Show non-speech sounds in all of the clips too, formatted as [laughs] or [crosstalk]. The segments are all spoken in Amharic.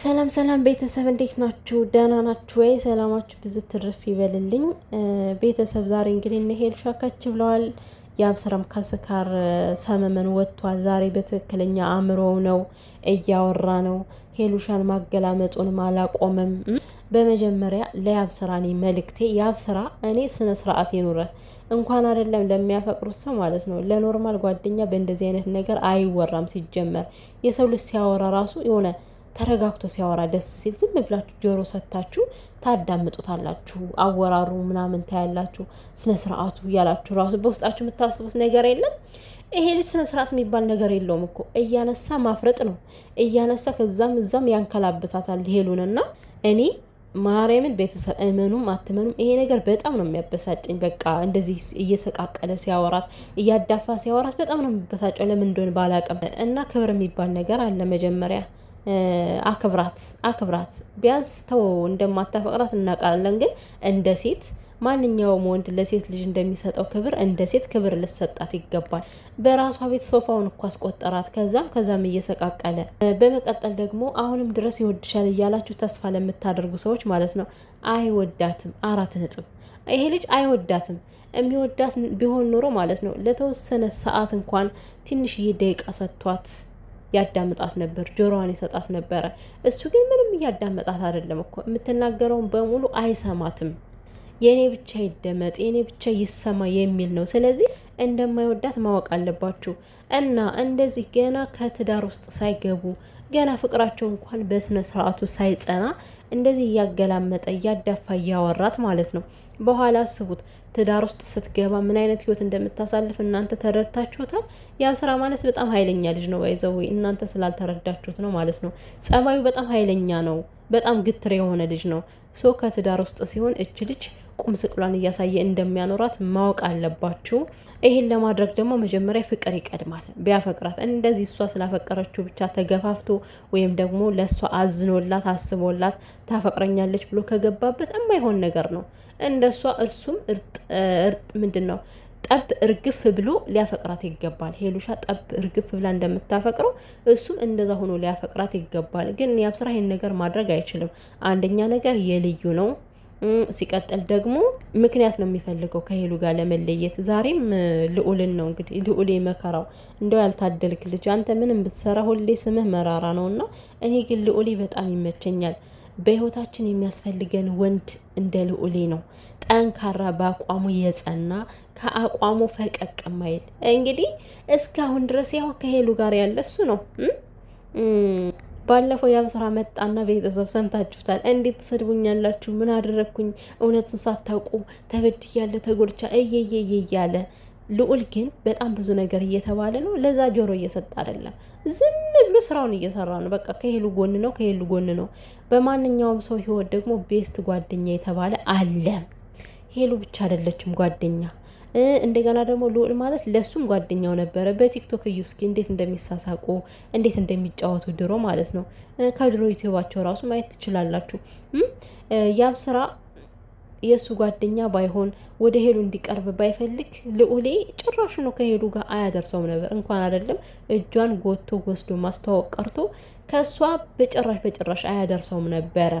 ሰላም ሰላም ቤተሰብ እንዴት ናችሁ? ደህና ናችሁ ወይ? ሰላማችሁ ብዙ ትርፍ ይበልልኝ። ቤተሰብ ዛሬ እንግዲህ እነ ሄሉሻ ከች ብለዋል። የአብስራም ከስካር ሰመመን ወጥቷል። ዛሬ በትክክለኛ አእምሮው ነው እያወራ ነው። ሄሉሻን ማገላመጡንም አላቆመም። በመጀመሪያ ለያብስራ እኔ መልእክቴ ያብስራ እኔ ስነ ስርዓት ይኑረ እንኳን አይደለም ለሚያፈቅሩት ሰው ማለት ነው። ለኖርማል ጓደኛ በእንደዚህ አይነት ነገር አይወራም። ሲጀመር የሰው ልጅ ሲያወራ ራሱ የሆነ ተረጋግቶ ሲያወራ ደስ ሲል ዝም ብላችሁ ጆሮ ሰታችሁ ታዳምጡታላችሁ። አወራሩ ምናምን ታያላችሁ። ስነ ስርዓቱ እያላችሁ ራሱ በውስጣችሁ የምታስቡት ነገር የለም። ይሄ ልጅ ስነ ስርዓት የሚባል ነገር የለውም እኮ እያነሳ ማፍረጥ ነው እያነሳ ከዛም እዛም ያንከላብታታል ሄሉንና እኔ ማርያምን ቤተሰብ እመኑም አትመኑም ይሄ ነገር በጣም ነው የሚያበሳጭኝ። በቃ እንደዚህ እየሰቃቀለ ሲያወራት እያዳፋ ሲያወራት በጣም ነው የሚበሳጨው። ለምን እንደሆነ ባላቅም እና ክብር የሚባል ነገር አለ መጀመሪያ አክብራት አክብራት ቢያንስ ተው እንደማታፈቅራት እናውቃለን፣ ግን እንደ ሴት ማንኛውም ወንድ ለሴት ልጅ እንደሚሰጠው ክብር እንደ ሴት ክብር ልሰጣት ይገባል። በራሷ ቤት ሶፋውን እኮ አስቆጠራት። ከዛም ከዛም እየሰቃቀለ በመቀጠል ደግሞ አሁንም ድረስ ይወድሻል እያላችሁ ተስፋ ለምታደርጉ ሰዎች ማለት ነው። አይወዳትም። አራት ነጥብ። ይሄ ልጅ አይወዳትም። የሚወዳት ቢሆን ኖሮ ማለት ነው ለተወሰነ ሰዓት እንኳን ትንሽዬ ደቂቃ ሰጥቷት ያዳምጣት ነበር፣ ጆሮዋን ይሰጣት ነበረ። እሱ ግን ምንም እያዳመጣት አይደለም እኮ የምትናገረውን በሙሉ አይሰማትም። የእኔ ብቻ ይደመጥ፣ የእኔ ብቻ ይሰማ የሚል ነው። ስለዚህ እንደማይወዳት ማወቅ አለባችሁ። እና እንደዚህ ገና ከትዳር ውስጥ ሳይገቡ ገና ፍቅራቸው እንኳን በስነ ስርዓቱ ሳይጸና እንደዚህ እያገላመጠ እያዳፋ እያወራት ማለት ነው። በኋላ አስቡት ትዳር ውስጥ ስትገባ ምን አይነት ህይወት እንደምታሳልፍ እናንተ ተረድታችሁታል። ስራ ማለት በጣም ኃይለኛ ልጅ ነው። ባይዘው እናንተ ስላልተረዳችሁት ነው ማለት ነው። ጸባዩ በጣም ኃይለኛ ነው። በጣም ግትር የሆነ ልጅ ነው። ሶ ከትዳር ውስጥ ሲሆን እች ልጅ ቁም ስቅሏን እያሳየ እንደሚያኖራት ማወቅ አለባችሁ። ይህን ለማድረግ ደግሞ መጀመሪያ ፍቅር ይቀድማል። ቢያፈቅራት እንደዚህ እሷ ስላፈቀረችው ብቻ ተገፋፍቶ ወይም ደግሞ ለእሷ አዝኖላት አስቦላት ታፈቅረኛለች ብሎ ከገባበት የማይሆን ነገር ነው። እሷ እሱም እርጥ ምንድን ነው ጠብ እርግፍ ብሎ ሊያፈቅራት ይገባል። ሄሉሻ ጠብ እርግፍ ብላ እንደምታፈቅረው እሱም እንደዛ ሆኖ ሊያፈቅራት ይገባል። ግን ያብስራ ይህን ነገር ማድረግ አይችልም። አንደኛ ነገር የልዩ ነው ሲቀጥል ደግሞ ምክንያት ነው የሚፈልገው ከሄሉ ጋር ለመለየት። ዛሬም ልዑልን ነው እንግዲህ ልዑል መከራው እንደው ያልታደልክ ልጅ አንተ ምንም ብትሰራ ሁሌ ስምህ መራራ ነው እና እኔ ግን ልዑሌ በጣም ይመቸኛል። በህይወታችን የሚያስፈልገን ወንድ እንደ ልዑሌ ነው። ጠንካራ፣ በአቋሙ የጸና ከአቋሙ ፈቀቅ ማይል እንግዲህ እስካሁን ድረስ ያው ከሄሉ ጋር ያለ እሱ ነው። ባለፈው የአብስራ መጣና ቤተሰብ ሰምታችሁታል። እንዴት ትሰድቡኛላችሁ? ምን አደረግኩኝ? እውነቱን ሳታውቁ ተበድያለሁ፣ ተጎድቻ እየየየ እያለ ልዑል ግን በጣም ብዙ ነገር እየተባለ ነው። ለዛ ጆሮ እየሰጠ አይደለም፣ ዝም ብሎ ስራውን እየሰራ ነው። በቃ ከሄሉ ጎን ነው፣ ከሄሉ ጎን ነው። በማንኛውም ሰው ህይወት ደግሞ ቤስት ጓደኛ የተባለ አለ። ሄሉ ብቻ አይደለችም ጓደኛ እንደገና ደግሞ ልዑል ማለት ለሱም ጓደኛው ነበረ። በቲክቶክ እዩ እስኪ እንዴት እንደሚሳሳቁ እንዴት እንደሚጫወቱ ድሮ ማለት ነው። ከድሮ ዩቲዩባቸው ራሱ ማየት ትችላላችሁ። ያም ስራ የእሱ ጓደኛ ባይሆን ወደ ሄሉ እንዲቀርብ ባይፈልግ ልዑሌ ጭራሹ ነው ከሄሉ ጋር አያደርሰውም ነበር። እንኳን አይደለም እጇን ጎቶ ወስዶ ማስተዋወቅ ቀርቶ ከእሷ በጭራሽ በጭራሽ አያደርሰውም ነበረ።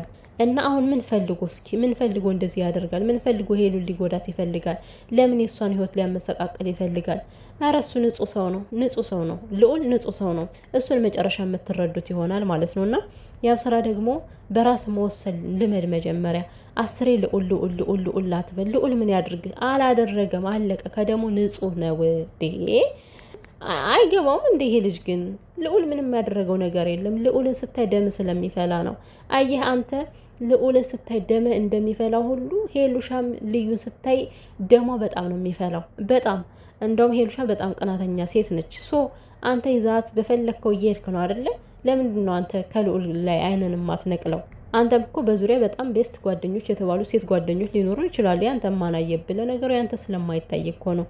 እና አሁን ምን ፈልጎ እስኪ ምን ፈልጎ እንደዚህ ያደርጋል? ምን ፈልጎ ሄሉን ሊጎዳት ይፈልጋል? ለምን የእሷን ህይወት ሊያመሰቃቀል ይፈልጋል? አረ እሱ ንጹህ ሰው ነው፣ ንጹህ ሰው ነው፣ ልዑል ንጹህ ሰው ነው። እሱን መጨረሻ የምትረዱት ይሆናል ማለት ነው። እና ያብ ስራ ደግሞ በራስ መወሰን ልመድ። መጀመሪያ አስሬ ልዑል ልዑል ልዑል ልዑል ላትበል። ልዑል ምን ያድርግ? አላደረገም፣ አለቀ። ከደሞ ንጹህ ነው። አይገባውም እንደ ይሄ ልጅ ግን ልዑል ምንም ያደረገው ነገር የለም። ልዑልን ስታይ ደም ስለሚፈላ ነው። አየህ አንተ ልዑል ስታይ ደመ እንደሚፈላው ሁሉ ሄሉሻም ልዩን ስታይ ደሟ በጣም ነው የሚፈላው። በጣም እንደውም ሄሉሻ በጣም ቀናተኛ ሴት ነች። ሶ አንተ ይዛት በፈለግከው እየሄድክ ነው አደለ? ለምንድን ነው አንተ ከልዑል ላይ አይንን ማትነቅለው? አንተም እኮ በዙሪያ በጣም ቤስት ጓደኞች የተባሉ ሴት ጓደኞች ሊኖሩ ይችላሉ። ያንተ ማናየብለ ነገሩ ያንተ ስለማይታይ እኮ ነው።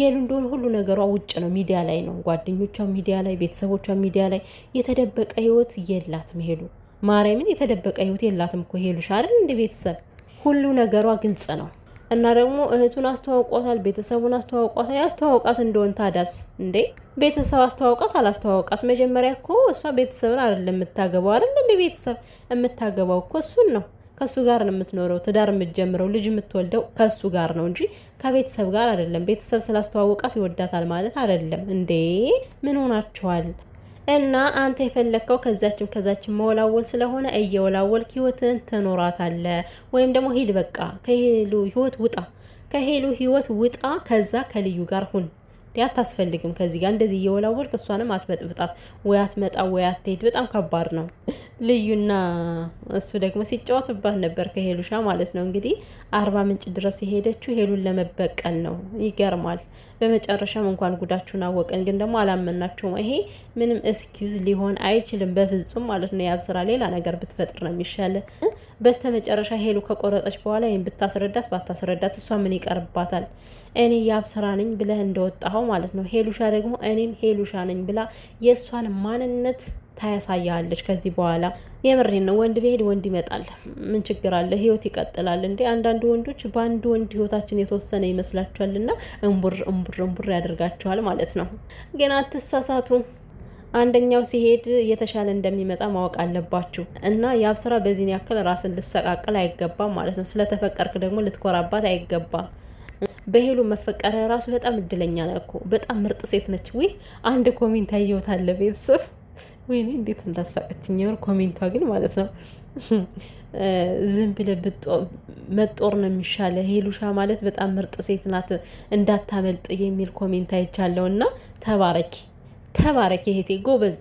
ሄሉ እንደሆነ ሁሉ ነገሯ ውጭ ነው፣ ሚዲያ ላይ ነው። ጓደኞቿ ሚዲያ ላይ፣ ቤተሰቦቿ ሚዲያ ላይ። የተደበቀ ህይወት የላትም ሄሉ ማርያምን የተደበቀ ህይወት የላትም እኮ ሄሉሽ አይደል? እንደ ቤተሰብ ሁሉ ነገሯ ግልጽ ነው። እና ደግሞ እህቱን አስተዋውቋታል፣ ቤተሰቡን አስተዋውቋታል። ያስተዋውቃት እንደሆን ታዳስ እንዴ ቤተሰብ አስተዋውቃት አላስተዋውቃት፣ መጀመሪያ እኮ እሷ ቤተሰብን አይደለም የምታገባው አይደል? እንደ ቤተሰብ የምታገባው እኮ እሱን ነው ከእሱ ጋር ነው የምትኖረው። ትዳር የምትጀምረው ልጅ የምትወልደው ከሱ ጋር ነው እንጂ ከቤተሰብ ጋር አይደለም። ቤተሰብ ስላስተዋወቃት ይወዳታል ማለት አይደለም እንዴ። ምን ሆናችኋል? እና አንተ የፈለግከው ከዛችም ከዛችም መወላወል ስለሆነ እየወላወልክ ህይወትን ትኖራታለ። ወይም ደግሞ ሂድ፣ በቃ ከሄሉ ህይወት ውጣ፣ ከሄሉ ህይወት ውጣ፣ ከዛ ከልዩ ጋር ሁን። አታስፈልግም። ከዚህ ጋር እንደዚህ እየወላወልክ እሷንም አትበጥብጣት። ወይ አትመጣ ወይ አትሄድ። በጣም ከባድ ነው። ልዩና እሱ ደግሞ ሲጫወትባት ነበር ከሄሉሻ ማለት ነው። እንግዲህ አርባ ምንጭ ድረስ የሄደችው ሄሉን ለመበቀል ነው። ይገርማል። በመጨረሻም እንኳን ጉዳችሁን አወቅን፣ ግን ደግሞ አላመናችሁም። ይሄ ምንም ኤስኪውዝ ሊሆን አይችልም በፍጹም ማለት ነው። ያብስራ ሌላ ነገር ብትፈጥር ነው የሚሻለ። በስተ መጨረሻ ሄሉ ከቆረጠች በኋላ ይህን ብታስረዳት ባታስረዳት እሷ ምን ይቀርባታል? እኔ ያብስራ ነኝ ብለህ እንደወጣኸው ማለት ነው። ሄሉሻ ደግሞ እኔም ሄሉሻ ነኝ ብላ የእሷን ማንነት ታያሳያለች ከዚህ በኋላ የምሬን ነው። ወንድ ቢሄድ ወንድ ይመጣል። ምን ችግር አለ? ህይወት ይቀጥላል እንዴ። አንዳንድ ወንዶች በአንድ ወንድ ህይወታችን የተወሰነ ይመስላችኋል እምቡር እምቡር እምቡር ያደርጋችኋል ማለት ነው። ግን አትሳሳቱ። አንደኛው ሲሄድ የተሻለ እንደሚመጣ ማወቅ አለባችሁ እና የአብስራ ስራ በዚህን ያክል ራስን ልሰቃቅል አይገባም ማለት ነው። ስለተፈቀርክ ደግሞ ልትኮራባት አይገባም። በሄሉ መፈቀረ ራሱ በጣም እድለኛ ነህ እኮ በጣም ምርጥ ሴት ነች። ዊ አንድ ኮሜንት አየሁት አለ ቤተሰብ ወይኔ እንዴት እንዳሳቀችኝ የምር። ኮሜንቷ ግን ማለት ነው [laughs] ዝም ብለህ መጦር ነው የሚሻለ። ሄሉሻ ማለት በጣም ምርጥ ሴት ናት እንዳታመልጥ የሚል ኮሜንት አይቻለሁ። እና ተባረኪ ተባረኪ እህቴ ጎበዝ።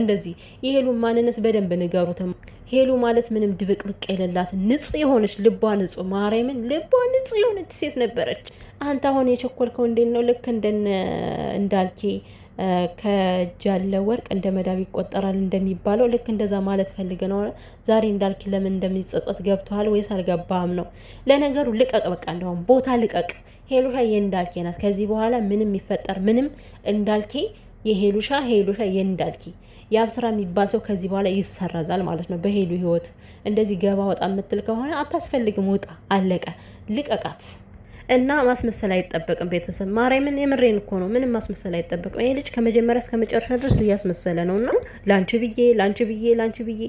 እንደዚህ የሄሉን ማንነት በደንብ ንገሩት። ሄሉ ማለት ምንም ድብቅብቅ የሌላት ንጹህ የሆነች ልቧ ንጹህ ማርያምን ልቧ ንጹህ የሆነች ሴት ነበረች። አንተ አሁን የቸኮልከው እንዴት ነው? ልክ እንደነ እንዳልኬ ከእጅ ያለ ወርቅ እንደ መዳብ ይቆጠራል እንደሚባለው ልክ እንደዛ ማለት ፈልገ ነው። ዛሬ እንዳልክ ለምን እንደሚጸጸት ገብቷል ወይስ አልገባም ነው? ለነገሩ ልቀቅ፣ በቃ እንደውም ቦታ ልቀቅ። ሄሉሻ የእንዳልኬ ናት። ከዚህ በኋላ ምንም ይፈጠር ምንም እንዳልኬ የሄሉሻ ሄሉሻ የእንዳልኬ የአብ የሚባል ሰው ከዚህ በኋላ ይሰረዛል ማለት ነው። በሄሉ ህይወት እንደዚህ ገባ ወጣ የምትል ከሆነ አታስፈልግም። ውጣ፣ አለቀ። ልቀቃት። እና ማስመሰል አይጠበቅም። ቤተሰብ ማርያምን የምሬን እኮ ነው። ምንም ማስመሰል አይጠበቅም። ይሄ ልጅ ከመጀመሪያ እስከ መጨረሻ ድረስ እያስመሰለ ነው። እና ላንቺ ብዬ ላንቺ ብዬ ላንቺ ብዬ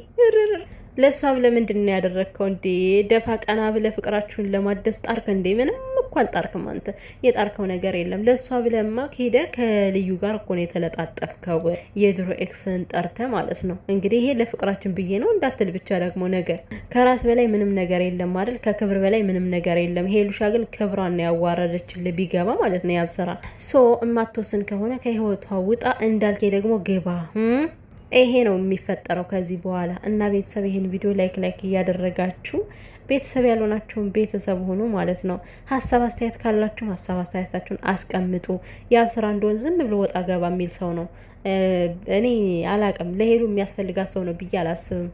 ለእሷ ብለህ ምንድን ነው ያደረግከው እንዴ? ደፋ ቀና ብለህ ፍቅራችሁን ለማደስ ጣርክ እንዴ? ምንም እኮ አልጣርክም አንተ የጣርከው ነገር የለም። ለእሷ ብለማ ሄደ ከልዩ ጋር እኮ ነው የተለጣጠፍከው። የድሮ ኤክስን ጠርተ ማለት ነው እንግዲህ ይሄ ለፍቅራችን ብዬ ነው እንዳትል ብቻ ደግሞ ነገር ከራስ በላይ ምንም ነገር የለም አይደል? ከክብር በላይ ምንም ነገር የለም። ሄሉሻ ግን ክብሯን ያዋረደችል ቢገባ ማለት ነው ያብሰራ ሶ እማትወስን ከሆነ ከህይወቷ ውጣ እንዳልከኝ ደግሞ ግባ ይሄ ነው የሚፈጠረው ከዚህ በኋላ እና ቤተሰብ ይህን ቪዲዮ ላይክ ላይክ እያደረጋችሁ ቤተሰብ ያልሆናችሁን ቤተሰብ ሆኑ ማለት ነው። ሀሳብ አስተያየት ካላችሁ ሀሳብ አስተያየታችሁን አስቀምጡ። የአብ ስራ እንደሆን ዝም ብሎ ወጣ ገባ የሚል ሰው ነው። እኔ አላቅም ለሄዱ የሚያስፈልጋት ሰው ነው ብዬ አላስብም።